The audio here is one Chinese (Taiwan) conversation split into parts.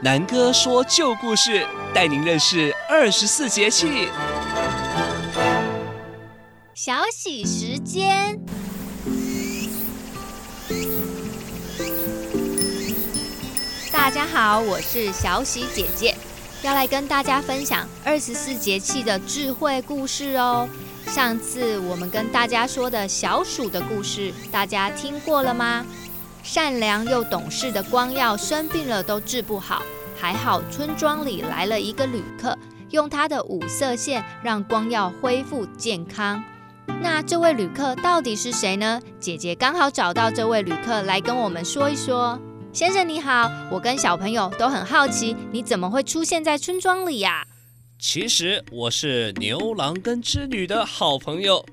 南哥說舊故事，帶您認識二十四節氣。小喜時間，大家好，我是小喜姐姐，要來跟大家分享二十四節氣的智慧故事哦。上次我們跟大家說的小鼠的故事，大家聽過了嗎？善良又懂事的光耀生病了，都治不好。還好，村莊裡來了一個旅客，用他的五色線讓光耀恢復健康。那這位旅客到底是誰呢？姐姐剛好找到這位旅客來跟我們說一說。先生你好，我跟小朋友都很好奇，你怎麼會出現在村莊裡呀、啊？其實我是牛郎跟織女的好朋友。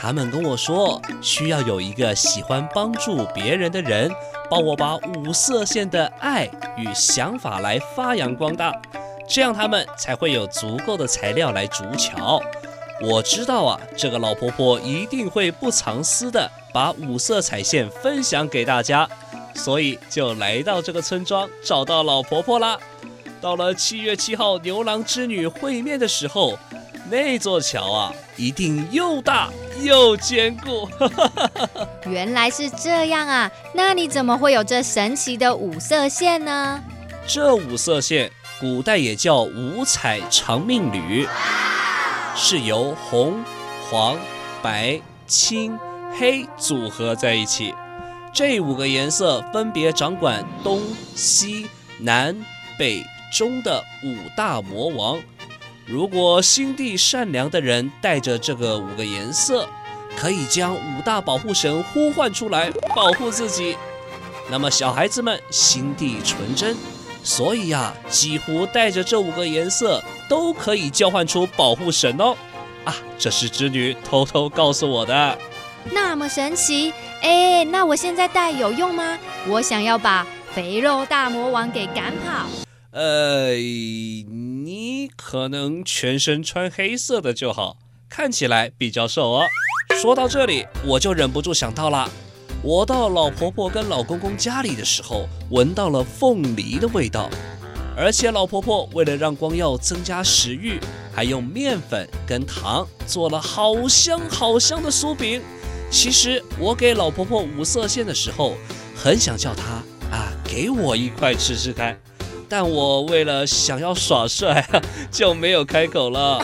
他們跟我說，需要有一個喜歡幫助別人的人，幫我把五色線的愛與想法來發揚光大，這樣他們才會有足夠的材料來築橋。我知道啊，這個老婆婆一定會不藏私的把五色彩線分享給大家，所以就來到這個村莊找到老婆婆啦。到了七月七號牛郎織女會面的時候，那座橋啊一定又大又堅固， 原來是這樣啊！那你怎麼會有這神奇的五色線呢？這五色線，古代也叫五彩長命縷，是由紅、黃、白、青、黑組合在一起。這五個顏色分別掌管東西南北中的五大魔王。如果心地善良的人帶着這個五個顏色，可以將五大保護神呼喚出來保護自己。那麼小孩子們心地純真，所以呀、啊，幾乎帶着這五個顏色都可以召喚出保護神哦。啊，這是織女偷偷告訴我的。那麼神奇？哎，那我現在戴有用嗎？我想要把肥肉大魔王給趕跑。呃。你可能全身穿黑色的就好，看起來比較瘦哦。說到這裡，我就忍不住想到了，我到老婆婆跟老公公家裡的時候，聞到了鳳梨的味道，而且老婆婆為了讓光耀增加食欲，還用麵粉跟糖做了好香好香的酥餅。其實我給老婆婆五色線的時候，很想叫她啊，給我一塊吃吃看。但我為了想要耍帥，就沒有開口了。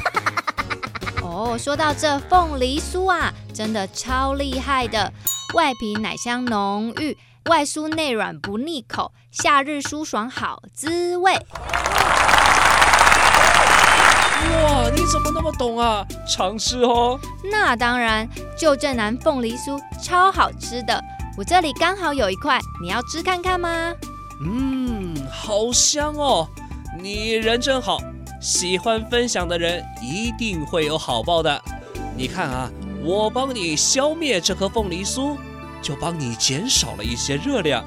哦，說到這鳳梨酥啊，真的超厲害的，外皮奶香濃郁，外酥內軟不膩口，夏日舒爽好滋味。哇，你怎麼那麼懂啊？嘗試哦。那當然，就舊振南鳳梨酥超好吃的，我這裡剛好有一塊，你要吃看看嗎？嗯。好香哦！你人真好，喜歡分享的人一定會有好報的。你看啊，我幫你消滅這顆鳳梨酥，就幫你減少了一些熱量。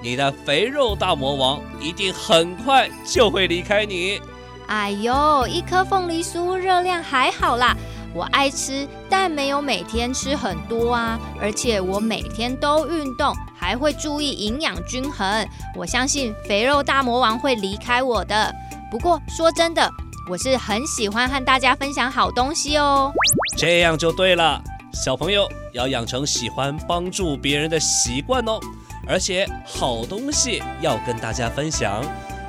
你的肥肉大魔王一定很快就會離開你。哎呦，一顆鳳梨酥熱量還好啦，我愛吃，但沒有每天吃很多啊，而且我每天都運動。還會注意營養均衡，我相信肥肉大魔王會離開我的。不過說真的，我是很喜歡和大家分享好東西哦。這樣就對了，小朋友要養成喜歡幫助別人的習慣哦。而且好東西要跟大家分享，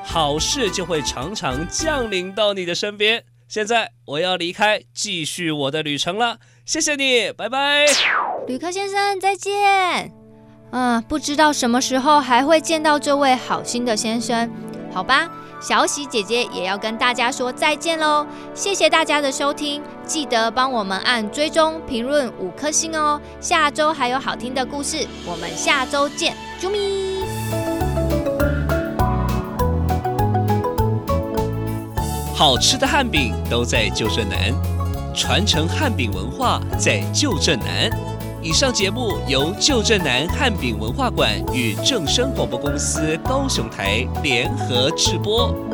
好事就會常常降臨到你的身邊。現在我要離開，繼續我的旅程了。謝謝你，拜拜。旅客先生，再見。嗯，不知道什麼時候還會見到這位好心的先生。好吧，小喜姐姐也要跟大家說再見嘍。謝謝大家的收聽，記得幫我們按追蹤、評論五顆星哦。下周還有好聽的故事，我們下周見，啾咪。好吃的漢餅都在舊鎮南，傳承漢餅文化在舊鎮南。以上節目由舊振南漢餅文化館與正聲廣播公司高雄台聯合製播。